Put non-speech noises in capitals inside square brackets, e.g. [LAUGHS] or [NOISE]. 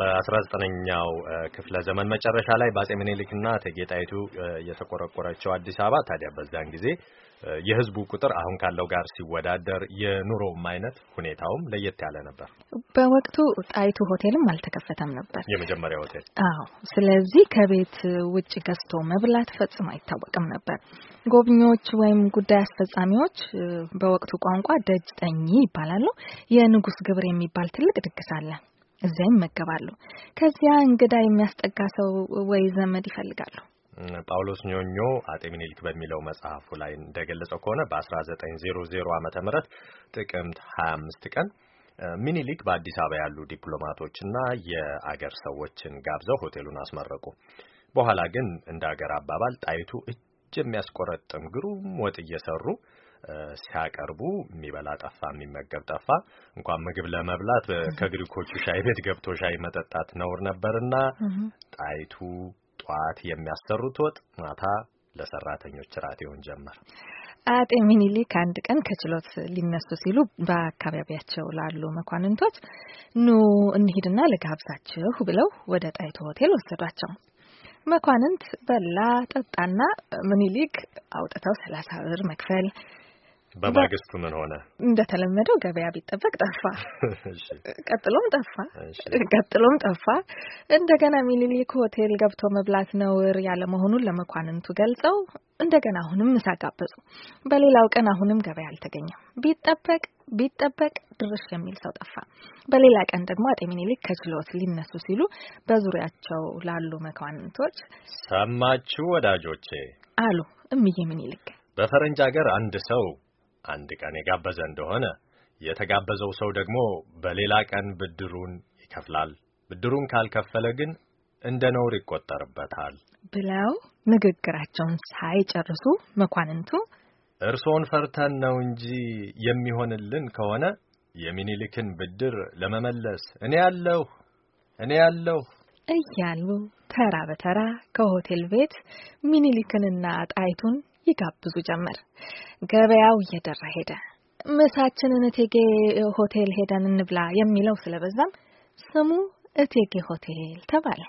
በ19ኛው ክፍለ ዘመን መጨረሻ ላይ በአጼ ምኒልክና እቴጌ ጣይቱ የተቆረቆረችው አዲስ አበባ ታዲያ በዛን ጊዜ የህዝቡ ቁጥር አሁን ካለው ጋር ሲወዳደር የኑሮውም አይነት ሁኔታውም ለየት ያለ ነበር። በወቅቱ ጣይቱ ሆቴልም አልተከፈተም ነበር፣ የመጀመሪያ ሆቴል። አዎ። ስለዚህ ከቤት ውጭ ገዝቶ መብላት ፈጽሞ አይታወቅም ነበር። ጎብኚዎች ወይም ጉዳይ አስፈጻሚዎች በወቅቱ ቋንቋ ደጅ ጠኚ ይባላሉ። የንጉስ ግብር የሚባል ትልቅ ድግስ አለ። እዚያ ይመገባሉ። ከዚያ እንግዳ የሚያስጠጋ ሰው ወይ ዘመድ ይፈልጋሉ። ጳውሎስ ኞኞ አጤ ሚኒሊክ በሚለው መጽሐፉ ላይ እንደገለጸው ከሆነ በ1900 ዓ ም ጥቅምት 25 ቀን ሚኒሊክ በአዲስ አበባ ያሉ ዲፕሎማቶችና የአገር ሰዎችን ጋብዘው ሆቴሉን አስመረቁ። በኋላ ግን እንደ አገር አባባል ጣይቱ እጅ የሚያስቆረጥም ግሩም ወጥ እየሰሩ ሲያቀርቡ የሚበላ ጠፋ፣ የሚመገብ ጠፋ። እንኳን ምግብ ለመብላት ከግሪኮቹ ሻይ ቤት ገብቶ ሻይ መጠጣት ነውር ነበርና ጣይቱ ጠዋት የሚያሰሩት ወጥ ማታ ለሰራተኞች ራት ይሆን ጀመር። አጤ ሚኒሊክ አንድ ቀን ከችሎት ሊነሱ ሲሉ በአካባቢያቸው ላሉ መኳንንቶች ኑ እንሂድና ልጋብዛችሁ ብለው ወደ ጣይቱ ሆቴል ወሰዷቸው። መኳንንት በላ ጠጣና ሚኒሊክ አውጥተው ሰላሳ ብር መክፈል በማግስቱ ምን ሆነ? እንደተለመደው ገበያ ቢጠበቅ ጠፋ፣ [LAUGHS] ቀጥሎም ጠፋ፣ ቀጥሎም ጠፋ። እንደገና ሚኒሊክ ሆቴል ገብቶ መብላት ነውር ያለመሆኑን መሆኑን ለመኳንንቱ ገልጸው እንደገና አሁንም ምሳ ጋበዙ። በሌላው ቀን አሁንም ገበያ አልተገኘም። ቢጠበቅ ቢጠበቅ ድርሽ የሚል ሰው ጠፋ። በሌላ ቀን ደግሞ አጤ ሚኒሊክ ከችሎት ሊነሱ ሲሉ በዙሪያቸው ላሉ መኳንንቶች ሰማችሁ ወዳጆቼ አሉ እምዬ ሚኒሊክ በፈረንጅ ሀገር አንድ ሰው አንድ ቀን የጋበዘ እንደሆነ የተጋበዘው ሰው ደግሞ በሌላ ቀን ብድሩን ይከፍላል። ብድሩን ካልከፈለ ግን እንደ ነውር ይቆጠርበታል ብለው ንግግራቸውን ሳይጨርሱ መኳንንቱ እርሶን ፈርተን ነው እንጂ የሚሆንልን ከሆነ የሚኒሊክን ብድር ለመመለስ እኔ ያለሁ እኔ ያለሁ እያሉ ተራ በተራ ከሆቴል ቤት ሚኒሊክንና ጣይቱን ይጋብዙ ጀመር። ገበያው እየደራ ሄደ። ምሳችንን እቴጌ ሆቴል ሄደን እንብላ የሚለው ስለበዛም ስሙ እቴጌ ሆቴል ተባለ።